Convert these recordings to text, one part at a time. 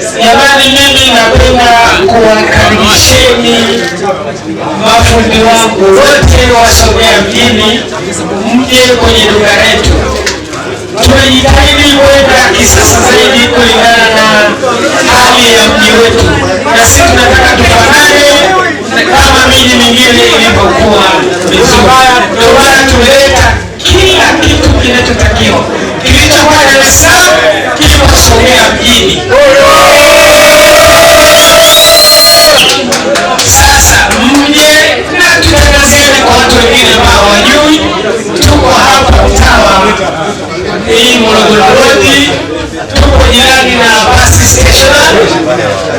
Jamani, mimi napenda kuwakaribisheni mafundi wangu wote wasomea mjini, mje kwenye duka letu. Tunajitahidi kwenda kisasa zaidi kulingana na hali ya mji wetu, na sisi tunataka tufanane kama miji mingine ilivyokuwa vizuri Ndio maana kila kitu kinachotakiwa, kilichokuwa Dar es Salaam Songea mjini.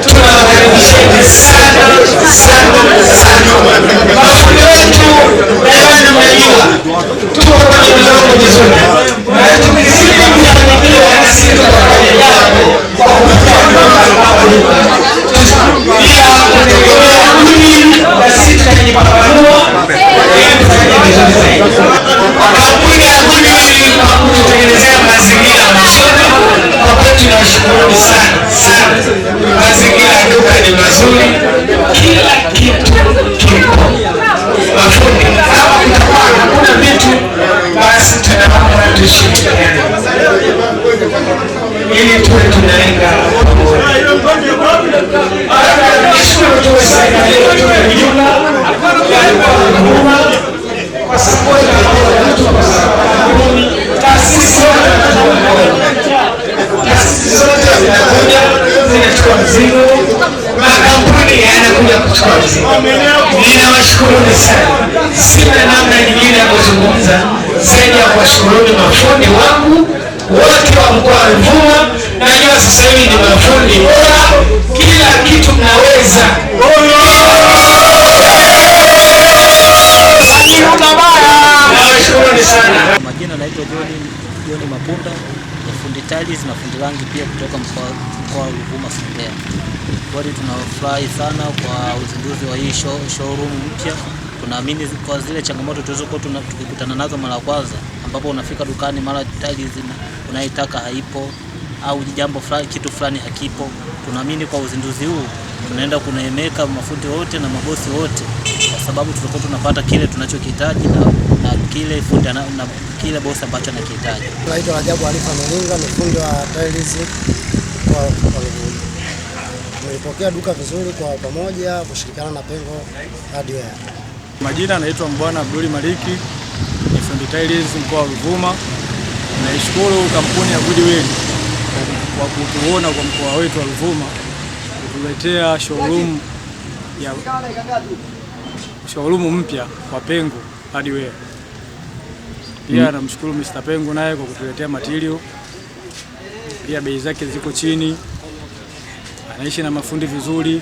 Tunawakaribisheni sana sana. Ninawashukuruni sana, sina namna nyingine ya kuzungumza zaidi ya kuwashukuruni mafundi wangu wote wa mkoa wa Ruvuma. Najua sasa hivi ni mafundi bora, kila kitu mnaweza, Majina naitwa John Mapunda, fundi tiles na fundi rangi pia kutoka mkoa wa Ruvuma, Songea. Kweli tunafurahi sana kwa uzinduzi wa hii show, showroom mpya tunaamini kwa zile changamoto tulizokuwa tukikutana nazo mara ya kwanza, ambapo unafika dukani mara tiles unaitaka haipo au jambo fulani, kitu fulani hakipo. Tunaamini kwa uzinduzi huu tunaenda kunaemeka mafundi wote na mabosi wote, kwa sababu tulikuwa tunapata kile tunachokihitaji na, na kile fundi na, na kile bosi ambacho anakihitaji. Naitwa Rajabu Alifa Melinga, ni fundi wa tiles kwa Waluguru. Tulipokea duka vizuri kwa pamoja kushirikiana na Pengo Hardware. Majina anaitwa Mbwana Abduli Maliki, ni fundi tiles mkoa wa Ruvuma. Naishukuru kampuni ya Goodwill wa kutuona kwa mkoa wetu wa Ruvuma, kutuletea showroom ya showroom mpya kwa Pengu Hardware. Pia mm. namshukuru Mr. Pengo naye kwa kutuletea material, pia bei zake ziko chini, anaishi na mafundi vizuri.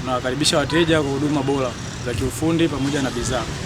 Tunawakaribisha wateja kwa huduma bora za kiufundi pamoja na bidhaa.